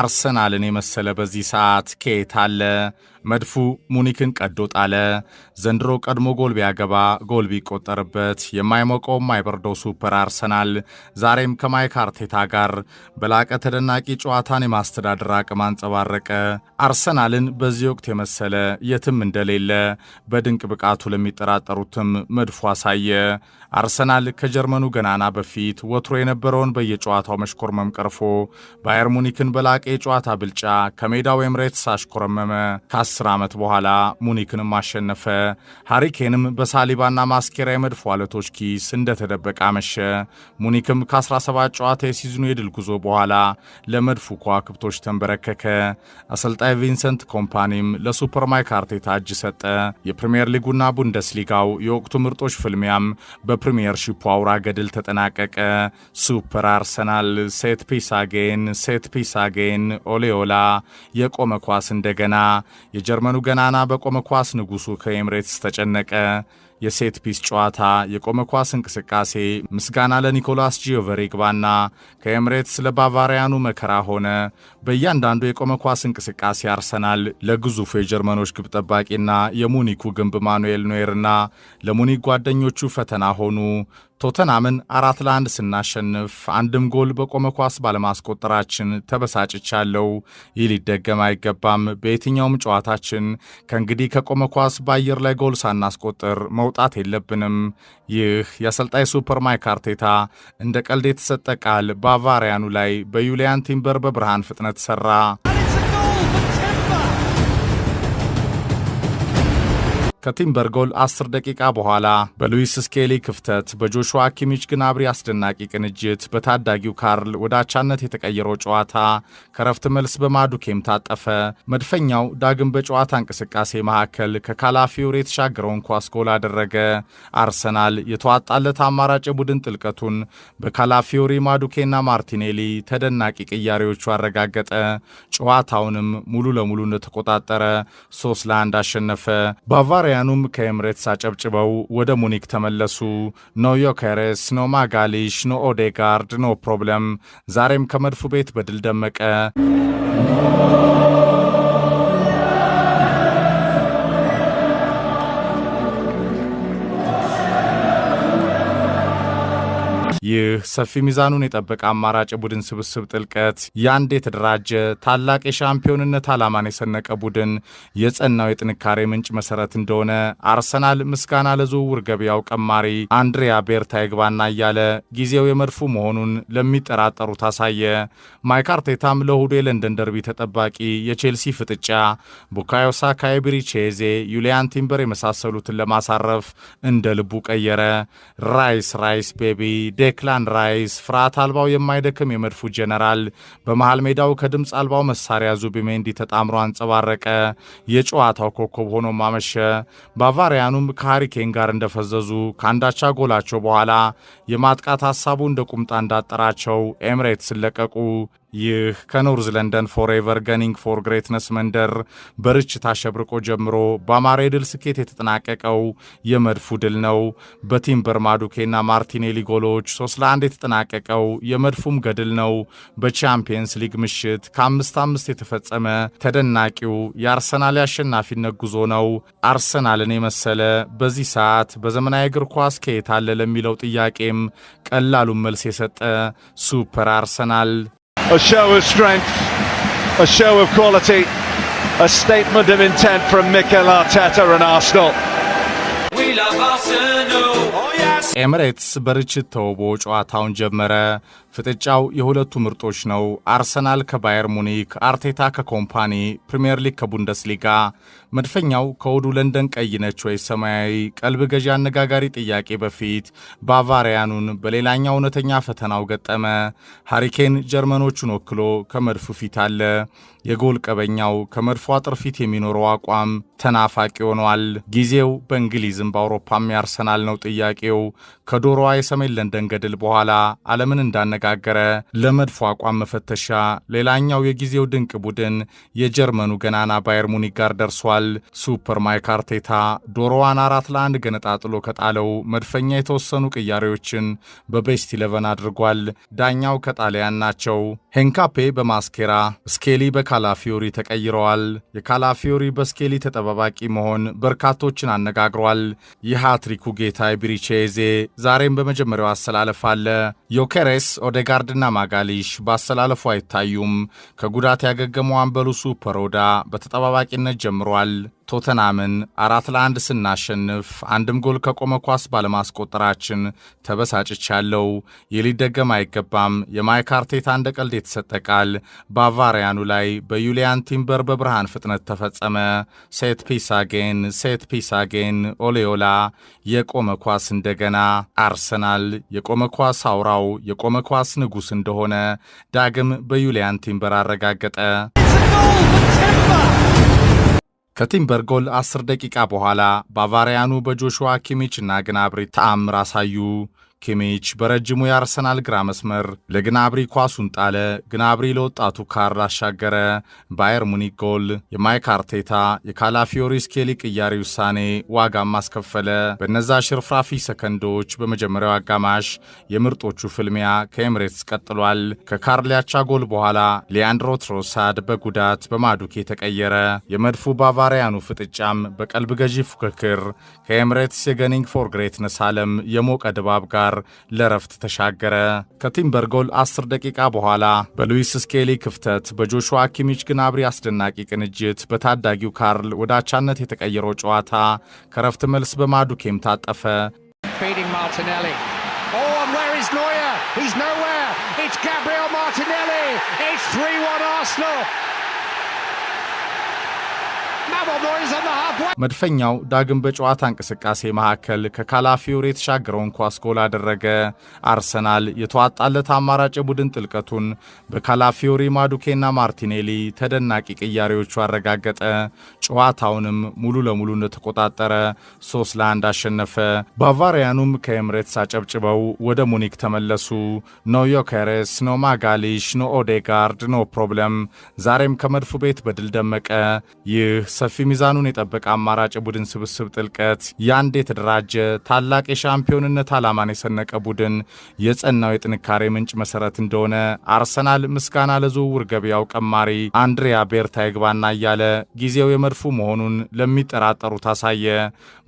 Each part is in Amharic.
አርሰናልን የመሰለ በዚህ ሰዓት ከየት አለ? መድፉ ሙኒክን ቀዶ ጣለ። ዘንድሮ ቀድሞ ጎል ቢያገባ ጎል ቢቆጠርበት የማይሞቀው የማይበርደው ሱፐር አርሰናል ዛሬም ከማይክ አርቴታ ጋር በላቀ ተደናቂ ጨዋታን የማስተዳደር አቅም አንጸባረቀ። አርሰናልን በዚህ ወቅት የመሰለ የትም እንደሌለ በድንቅ ብቃቱ ለሚጠራጠሩትም መድፉ አሳየ። አርሰናል ከጀርመኑ ገናና በፊት ወትሮ የነበረውን በየጨዋታው መሽኮርመም ቀርፎ ባየር ሙኒክን በላቀ የጨዋታ ብልጫ ከሜዳው ኤምሬትስ አሽኮረመመ። ከአስር ዓመት በኋላ ሙኒክንም አሸነፈ። ሃሪኬንም በሳሊባና ማስኬራ የመድፎ አለቶች ኪስ እንደተደበቀ አመሸ። ሙኒክም ከ17 ጨዋታ የሲዝኑ የድል ጉዞ በኋላ ለመድፉ ከዋክብቶች ተንበረከከ። አሰልጣኝ ቪንሰንት ኮምፓኒም ለሱፐር ማይክ አርቴታ እጅ ሰጠ። የፕሪምየር ሊጉና ቡንደስሊጋው የወቅቱ ምርጦች ፍልሚያም በፕሪምየር ሺፑ አውራ ገድል ተጠናቀቀ። ሱፐር አርሰናል ሴት ፒስ አጌን ሴት ፒስ አጌን ኦሌዮላ የቆመ ኳስ እንደገና የጀርመኑ ገናና በቆመ ኳስ ንጉሱ ከኤምሬትስ ተጨነቀ። የሴት ፒስ ጨዋታ፣ የቆመ ኳስ እንቅስቃሴ፣ ምስጋና ለኒኮላስ ጂዮቨሬግባና ከኤምሬትስ ለባቫሪያኑ መከራ ሆነ። በእያንዳንዱ የቆመ ኳስ እንቅስቃሴ አርሰናል ለግዙፉ የጀርመኖች ግብ ጠባቂና የሙኒኩ ግንብ ማኑኤል ኖየርና ለሙኒክ ጓደኞቹ ፈተና ሆኑ። ቶተናምን አራት ለአንድ ስናሸንፍ አንድም ጎል በቆመ ኳስ ባለማስቆጠራችን ተበሳጭቻለሁ። ይህ ሊደገም አይገባም። በየትኛውም ጨዋታችን ከእንግዲህ ከቆመ ኳስ በአየር ላይ ጎል ሳናስቆጥር መውጣ መውጣት የለብንም። ይህ የአሰልጣኝ ሱፐር ማይክ አርቴታ እንደ ቀልድ የተሰጠ ቃል በባቫሪያኑ ላይ በዩሊያን ቲምበር በብርሃን ፍጥነት ሠራ። ከቲምበር ጎል 10 ደቂቃ በኋላ በሉዊስ ስኬሊ ክፍተት፣ በጆሹዋ ኪሚች ግን አብሪ አስደናቂ ቅንጅት በታዳጊው ካርል ወዳቻነት የተቀየረው ጨዋታ ከረፍት መልስ በማዱኬም ታጠፈ። መድፈኛው ዳግም በጨዋታ እንቅስቃሴ መካከል ከካላፊዮሪ የተሻገረውን ኳስ ጎል አደረገ። አርሰናል የተዋጣለት አማራጭ የቡድን ጥልቀቱን በካላፊዮሪ ማዱኬና ማርቲኔሊ ተደናቂ ቅያሬዎቹ አረጋገጠ። ጨዋታውንም ሙሉ ለሙሉ እንደተቆጣጠረ ሶስት ለአንድ አሸነፈ። ባቫሪያ ኢትዮጵያውያኑም ከኤምሬትስ አጨብጭበው ወደ ሙኒክ ተመለሱ። ኖ ዮኬሬስ፣ ኖ ማጋሊሽ፣ ኖ ኦዴጋርድ፣ ኖ ፕሮብለም። ዛሬም ከመድፉ ቤት በድል ደመቀ። ይህ ሰፊ ሚዛኑን የጠበቀ አማራጭ ቡድን ስብስብ ጥልቀት የአንድ የተደራጀ ታላቅ የሻምፒዮንነት ዓላማን የሰነቀ ቡድን የጸናው የጥንካሬ ምንጭ መሰረት እንደሆነ አርሰናል ምስጋና ለዝውውር ገበያው ቀማሪ አንድሪያ ቤርታ ይግባና እያለ ጊዜው የመድፉ መሆኑን ለሚጠራጠሩት አሳየ። ማይክ አርቴታም ለእሁዱ የለንደን ደርቢ ተጠባቂ የቼልሲ ፍጥጫ ቡካዮ ሳካ፣ ቼዜ፣ ዩሊያን ቲምበር የመሳሰሉትን ለማሳረፍ እንደ ልቡ ቀየረ። ራይስ ራይስ ቤቢ ዴክላን ራይስ ፍርሃት አልባው የማይደክም የመድፉ ጀነራል በመሃል ሜዳው ከድምፅ አልባው መሳሪያ ዙቢሜንዲ ተጣምሮ አንጸባረቀ። የጨዋታው ኮከብ ሆኖ ማመሸ። ባቫሪያኑም ከሃሪኬን ጋር እንደፈዘዙ ከአንዳቻ ጎላቸው በኋላ የማጥቃት ሀሳቡ እንደ ቁምጣ እንዳጠራቸው ኤምሬት ለቀቁ። ይህ ከኖርዝ ለንደን ፎሬቨር ገኒንግ ፎር ግሬትነስ መንደር በርችት አሸብርቆ ጀምሮ በአማራ የድል ስኬት የተጠናቀቀው የመድፉ ድል ነው። በቲምበር ማዱኬና ማርቲኔሊ ጎሎች ለ1 የተጠናቀቀው የመድፉም ገድል ነው። በቻምፒየንስ ሊግ ምሽት ከአምስት አምስት የተፈጸመ ተደናቂው የአርሰናል አሸናፊነት ጉዞ ነው። አርሰናልን የመሰለ በዚህ ሰዓት በዘመናዊ እግር ኳስ ከየት አለ ለሚለው ጥያቄም ቀላሉን መልስ የሰጠ ሱፐር አርሰናል a show of strength, a show of quality, a statement of intent from Mikel Arteta and Arsenal. We love Arsenal. Oh, yeah. ኤምሬትስ በርችት ተውቦ ጨዋታውን ጀመረ። ፍጥጫው የሁለቱ ምርጦች ነው። አርሰናል ከባየር ሙኒክ፣ አርቴታ ከኮምፓኒ፣ ፕሪምየር ሊግ ከቡንደስሊጋ። መድፈኛው ከወዱ ለንደን ቀይ ነች ወይ ሰማያዊ? ቀልብ ገዢ አነጋጋሪ ጥያቄ በፊት ባቫሪያኑን በሌላኛው እውነተኛ ፈተናው ገጠመ። ሃሪኬን ጀርመኖቹን ወክሎ ከመድፉ ፊት አለ። የጎል ቀበኛው ከመድፉ አጥር ፊት የሚኖረው አቋም ተናፋቂ ሆኗል። ጊዜው በእንግሊዝም በአውሮፓም ያርሰናል ነው ጥያቄው ከዶሮዋ የሰሜን ለንደን ገድል በኋላ ዓለምን እንዳነጋገረ ለመድፎ አቋም መፈተሻ ሌላኛው የጊዜው ድንቅ ቡድን የጀርመኑ ገናና ባየር ሙኒክ ጋር ደርሷል። ሱፐር ማይክ አርቴታ ዶሮዋን አራት ለአንድ ገነጣጥሎ ከጣለው መድፈኛ የተወሰኑ ቅያሬዎችን በቤስት ኢለቨን አድርጓል። ዳኛው ከጣሊያን ናቸው። ሄንካፔ በማስኬራ ስኬሊ በካላፊዮሪ ተቀይረዋል። የካላፊዮሪ በስኬሊ ተጠባባቂ መሆን በርካቶችን አነጋግሯል። የሃትሪኩ ጌታ የብሪቼዜ ዛሬም በመጀመሪያው አሰላለፍ አለ። ዮከሬስ ኦዴጋርድና ማጋሊሽ በአሰላለፉ አይታዩም። ከጉዳት ያገገመው አምበሉ ሱፐሮዳ በተጠባባቂነት ጀምሯል። ቶተናምን አራት ለአንድ ስናሸንፍ አንድም ጎል ከቆመ ኳስ ባለማስቆጠራችን ተበሳጭቻለሁ። ይህ ሊደገም አይገባም። የማይክ አርቴታ እንደ ቀልድ የተሰጠ ቃል ባቫሪያኑ ላይ በዩሊያን ቲምበር በብርሃን ፍጥነት ተፈጸመ። ሴት ፒሳጌን ሴት ፒሳጌን ኦሌዮላ የቆመ ኳስ እንደገና። አርሰናል የቆመ ኳስ አውራው የቆመ ኳስ ንጉሥ እንደሆነ ዳግም በዩሊያን ቲምበር አረጋገጠ። ከቲምበር ጎል 10 ደቂቃ በኋላ ባቫሪያኑ በጆሹዋ ኪሚችና ግናብሪ ተአምር አሳዩ። ኪሚች በረጅሙ የአርሰናል ግራ መስመር ለግናብሪ ኳሱን ጣለ። ግናብሪ ለወጣቱ ካር አሻገረ። ባየር ሙኒክ ጎል። የማይክ አርቴታ የካላፊዮሪ ስኬሊ ቅያሪ ውሳኔ ዋጋም አስከፈለ። በነዛ ሽርፍራፊ ሰከንዶች በመጀመሪያው አጋማሽ የምርጦቹ ፍልሚያ ከኤምሬትስ ቀጥሏል። ከካርሊ ጎል በኋላ ሊያንድሮ ትሮሳድ በጉዳት በማዱኬ ተቀየረ። የመድፉ ባቫሪያኑ ፍጥጫም በቀልብ ገዢ ፉክክር ከኤምሬትስ የገኒንግ ፎር ግሬትነስ የሞቀ ድባብ ጋር ጋር ለረፍት ተሻገረ። ከቲምበር ጎል 10 ደቂቃ በኋላ በሉዊስ ስኬሊ ክፍተት፣ በጆሹዋ ኪሚች ግናብሪ አስደናቂ ቅንጅት በታዳጊው ካርል ወደ አቻነት የተቀየረው ጨዋታ ከረፍት መልስ በማዱኬም ታጠፈ። 3-1 መድፈኛው ዳግም በጨዋታ እንቅስቃሴ መካከል ከካላፊዮሪ የተሻገረውን ኳስ ጎል አደረገ። አርሰናል የተዋጣለት አማራጭ የቡድን ጥልቀቱን በካላፊዮሪ ማዱኬና ማርቲኔሊ ተደናቂ ቅያሬዎቹ አረጋገጠ። ጨዋታውንም ሙሉ ለሙሉ እንደተቆጣጠረ ሶስት ለአንድ አሸነፈ። ባቫሪያኑም ከኤምሬትስ አጨብጭበው ወደ ሙኒክ ተመለሱ። ኖ ዮከሬስ፣ ኖ ማጋሊሽ፣ ኖ ኦዴጋርድ፣ ኖ ፕሮብለም ዛሬም ከመድፉ ቤት በድል ደመቀ። ይህ ሰፊ ሚዛኑን የጠበቀ አማራጭ ቡድን ስብስብ ጥልቀት፣ የአንድ የተደራጀ ታላቅ የሻምፒዮንነት ዓላማን የሰነቀ ቡድን የጸናው የጥንካሬ ምንጭ መሰረት እንደሆነ አርሰናል ምስጋና ለዝውውር ገበያው ቀማሪ አንድሪያ ቤርታ ይግባና እያለ ጊዜው የመድፉ መሆኑን ለሚጠራጠሩት አሳየ።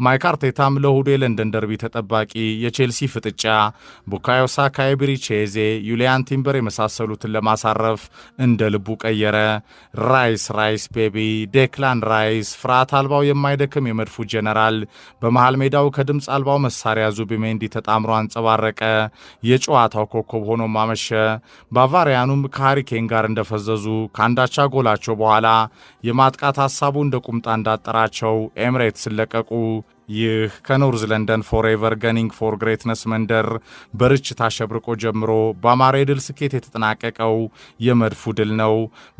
ማይክ አርቴታም ለእሁዱ የለንደን ደርቢ ተጠባቂ የቼልሲ ፍጥጫ ቡካዮ ሳካ፣ ኤቤሪቼዜ፣ ዩሊያን ቲምበር የመሳሰሉትን ለማሳረፍ እንደ ልቡ ቀየረ። ራይስ ራይስ ቤቢ ዴክላን ራይ ሳይዝ ፍርሃት አልባው የማይደክም የመድፉ ጀነራል በመሃል ሜዳው ከድምፅ አልባው መሳሪያ ዙቢሜንዲ ተጣምሮ አንጸባረቀ። የጨዋታው ኮከብ ሆኖ ማመሸ። ባቫሪያኑም ከሃሪኬን ጋር እንደፈዘዙ ከአንዳቻ ጎላቸው በኋላ የማጥቃት ሀሳቡ እንደ ቁምጣ እንዳጠራቸው ኤምሬትስ ለቀቁ። ይህ ከኖርዝ ለንደን ፎሬቨር ገኒንግ ፎር ግሬትነስ መንደር በርችት አሸብርቆ ጀምሮ በአማራ የድል ስኬት የተጠናቀቀው የመድፉ ድል ነው።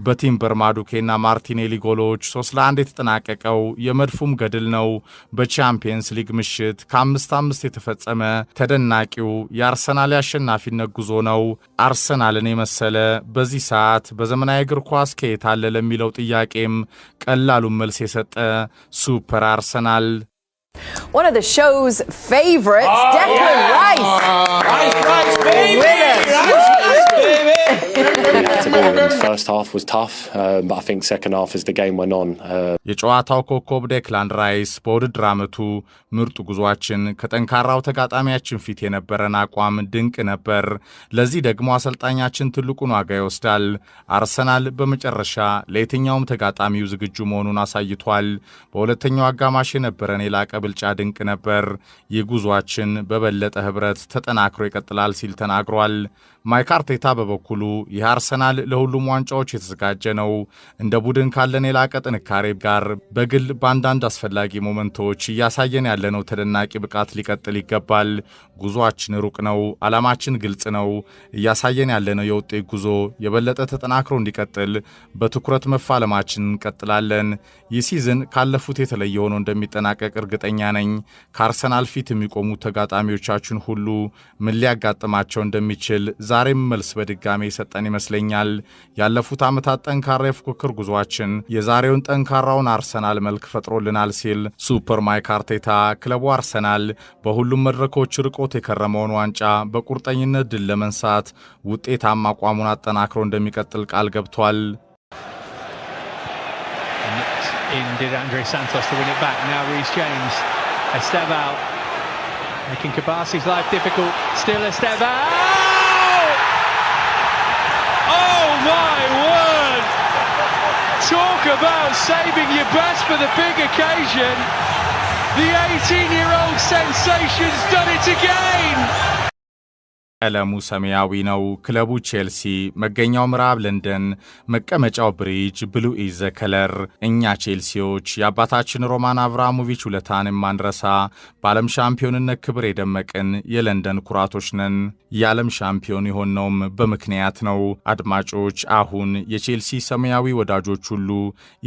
በቲምበር ማዱኬና ማርቲኔሊ ጎሎች ሶስት ለአንድ የተጠናቀቀው የመድፉም ገድል ነው። በቻምፒየንስ ሊግ ምሽት ከአምስት አምስት የተፈጸመ ተደናቂው የአርሰናል አሸናፊነት ጉዞ ነው። አርሰናልን የመሰለ በዚህ ሰዓት በዘመናዊ እግር ኳስ ከየት አለ ለሚለው ጥያቄም ቀላሉን መልስ የሰጠ ሱፐር አርሰናል One of the show's favorites, oh, Declan yeah. Rice. Oh, Rice, Rice, baby. Um, uh, የጨዋታው ኮከብ ዴክላን ራይስ በውድድር ዓመቱ ምርጡ ጉዟችን ከጠንካራው ተጋጣሚያችን ፊት የነበረን አቋም ድንቅ ነበር። ለዚህ ደግሞ አሰልጣኛችን ትልቁን ዋጋ ይወስዳል። አርሰናል በመጨረሻ ለየትኛውም ተጋጣሚው ዝግጁ መሆኑን አሳይቷል። በሁለተኛው አጋማሽ የነበረን የላቀ ብልጫ ድንቅ ነበር። ይህ ጉዟችን በበለጠ ህብረት ተጠናክሮ ይቀጥላል ሲል ተናግሯል። ማይክ አርቴታ በበኩሉ ይህ አርሰናል ለሁሉም ዋንጫዎች የተዘጋጀ ነው። እንደ ቡድን ካለን የላቀ ጥንካሬ ጋር በግል በአንዳንድ አስፈላጊ ሞመንቶች እያሳየን ያለነው ተደናቂ ብቃት ሊቀጥል ይገባል። ጉዞአችን ሩቅ ነው። ዓላማችን ግልጽ ነው። እያሳየን ያለነው የውጤት ጉዞ የበለጠ ተጠናክሮ እንዲቀጥል በትኩረት መፋለማችን እንቀጥላለን። ይህ ሲዝን ካለፉት የተለየ ሆኖ እንደሚጠናቀቅ እርግጠኛ ነኝ። ከአርሰናል ፊት የሚቆሙ ተጋጣሚዎቻችን ሁሉ ምን ሊያጋጥማቸው እንደሚችል ዛሬም መልስ በድጋሜ የሰጠን ይመስለኛል። ያለፉት ዓመታት ጠንካራ የፉክክር ጉዟችን የዛሬውን ጠንካራውን አርሰናል መልክ ፈጥሮልናል ሲል ሱፐር ማይክ አርቴታ ክለቡ አርሰናል በሁሉም መድረኮች ርቆት የከረመውን ዋንጫ በቁርጠኝነት ድል ለመንሳት ውጤታማ አቋሙን አጠናክሮ እንደሚቀጥል ቃል ገብቷል። Estevao making Kabasi's life difficult. Still Estevao! my word! Talk about saving your best for the big occasion. The 18 year old sensation's done it again! ቀለሙ ሰማያዊ ነው። ክለቡ ቼልሲ፣ መገኛው ምዕራብ ለንደን፣ መቀመጫው ብሪጅ፣ ብሉ ኢዘ ከለር። እኛ ቼልሲዎች የአባታችን ሮማን አብርሃሞቪች ውለታን የማንረሳ በዓለም ሻምፒዮንነት ክብር የደመቅን የለንደን ኩራቶች ነን። የዓለም ሻምፒዮን የሆነውም በምክንያት ነው። አድማጮች፣ አሁን የቼልሲ ሰማያዊ ወዳጆች ሁሉ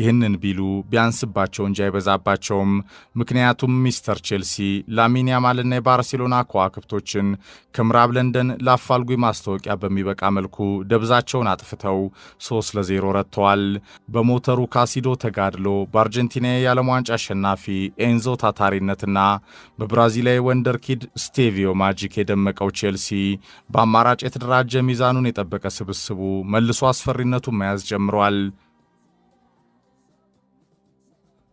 ይህንን ቢሉ ቢያንስባቸው እንጂ አይበዛባቸውም። ምክንያቱም ሚስተር ቼልሲ ላሚን ያማልና የባርሴሎና ከዋክብቶችን ከምዕራብ ለንደን ሱዳን ለአፋልጉኝ ማስታወቂያ በሚበቃ መልኩ ደብዛቸውን አጥፍተው 3 ለ0 ረጥተዋል። በሞተሩ ካሲዶ ተጋድሎ በአርጀንቲና የዓለም ዋንጫ አሸናፊ ኤንዞ ታታሪነትና በብራዚላዊ ወንደርኪድ ስቴቪዮ ማጂክ የደመቀው ቼልሲ በአማራጭ የተደራጀ ሚዛኑን የጠበቀ ስብስቡ መልሶ አስፈሪነቱን መያዝ ጀምሯል።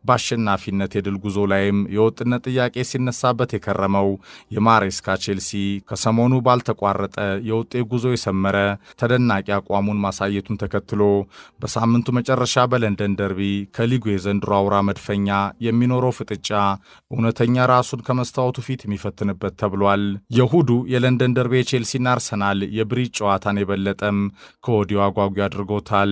በአሸናፊነት የድል ጉዞ ላይም የወጥነት ጥያቄ ሲነሳበት የከረመው የማሬስካ ቼልሲ ከሰሞኑ ባልተቋረጠ የውጤት ጉዞ የሰመረ ተደናቂ አቋሙን ማሳየቱን ተከትሎ በሳምንቱ መጨረሻ በለንደን ደርቢ ከሊጉ የዘንድሮ አውራ መድፈኛ የሚኖረው ፍጥጫ እውነተኛ ራሱን ከመስታወቱ ፊት የሚፈትንበት ተብሏል። የእሁዱ የለንደን ደርቢ የቼልሲና አርሰናል የብሪጅ ጨዋታን የበለጠም ከወዲሁ አጓጊ አድርጎታል።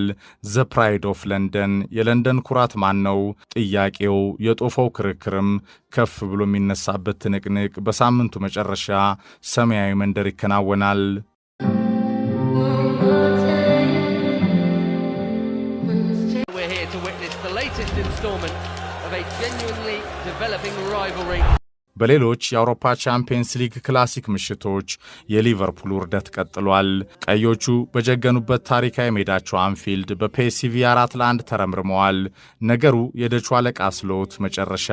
ዘ ፕራይድ ኦፍ ለንደን የለንደን ኩራት ማን ነው ጥያ ጥያቄው የጦፈው ክርክርም ከፍ ብሎ የሚነሳበት ትንቅንቅ በሳምንቱ መጨረሻ ሰማያዊ መንደር ይከናወናል። በሌሎች የአውሮፓ ቻምፒየንስ ሊግ ክላሲክ ምሽቶች የሊቨርፑል ውርደት ቀጥሏል። ቀዮቹ በጀገኑበት ታሪካዊ ሜዳቸው አንፊልድ በፔሲቪ አራት ለአንድ ተረምርመዋል። ነገሩ የደቹ አለቃ ስሎት መጨረሻ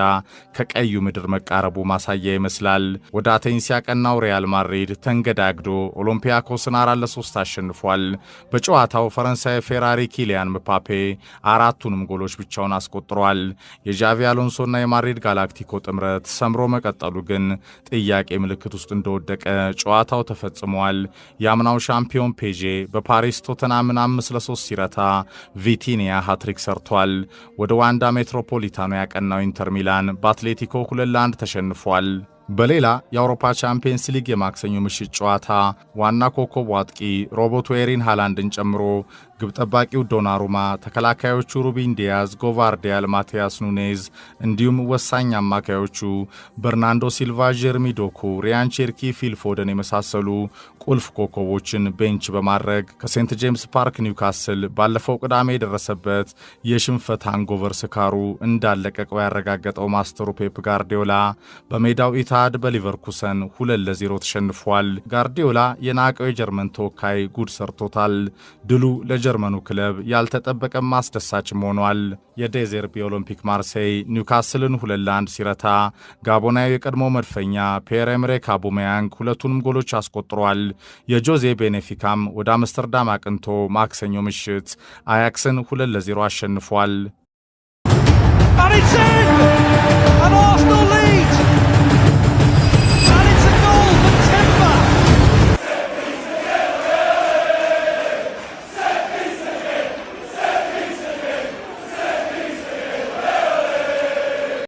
ከቀዩ ምድር መቃረቡ ማሳያ ይመስላል። ወደ አቴንስ ያቀናው ሪያል ማድሪድ ተንገዳግዶ ኦሎምፒያኮስን አራት ለሶስት አሸንፏል። በጨዋታው ፈረንሳዊ ፌራሪ ኪሊያን ምፓፔ አራቱንም ጎሎች ብቻውን አስቆጥሯል። የዣቪ አሎንሶና የማድሪድ ጋላክቲኮ ጥምረት ሰምሮ መቀ መቀጠሉ ግን ጥያቄ ምልክት ውስጥ እንደወደቀ ጨዋታው ተፈጽሟል። የአምናው ሻምፒዮን ፔዤ በፓሪስ ቶተናምን አምስት ለሶስት ሲረታ ቪቲኒያ ሃትሪክ ሰርቷል። ወደ ዋንዳ ሜትሮፖሊታኖ ያቀናው ኢንተር ሚላን በአትሌቲኮ ሁለት ለአንድ ተሸንፏል። በሌላ የአውሮፓ ቻምፒየንስ ሊግ የማክሰኞ ምሽት ጨዋታ ዋና ኮከብ አጥቂ ሮበርት ኤሪን ሃላንድን ጨምሮ ግብ ጠባቂው ዶናሩማ፣ ተከላካዮቹ ሩቢን ዲያዝ፣ ጎቫርዲያል፣ ማቲያስ ኑኔዝ እንዲሁም ወሳኝ አማካዮቹ በርናንዶ ሲልቫ፣ ጀርሚ ዶኩ፣ ሪያን ቼርኪ፣ ፊልፎደን የመሳሰሉ ቁልፍ ኮከቦችን ቤንች በማድረግ ከሴንት ጄምስ ፓርክ ኒውካስል ባለፈው ቅዳሜ የደረሰበት የሽንፈት ሃንጎቨር ስካሩ እንዳለቀቀው ያረጋገጠው ማስተሩ ፔፕ ጋርዲዮላ በሜዳው ኢታድ በሊቨርኩሰን ሁለት ለዜሮ ተሸንፏል። ጋርዲዮላ የናቀው የጀርመን ተወካይ ጉድ ሰርቶታል። ድሉ ለጀ የጀርመኑ ክለብ ያልተጠበቀም አስደሳችም ሆኗል። የዴዜርቢ ኦሎምፒክ ማርሴይ ኒውካስልን ሁለት ለአንድ ሲረታ ጋቦናዊ የቀድሞ መድፈኛ ፒየር ኤምሬክ አቡሜያንግ ሁለቱንም ጎሎች አስቆጥሯል። የጆዜ ቤኔፊካም ወደ አምስተርዳም አቅንቶ ማክሰኞ ምሽት አያክስን ሁለት ለዜሮ አሸንፏል።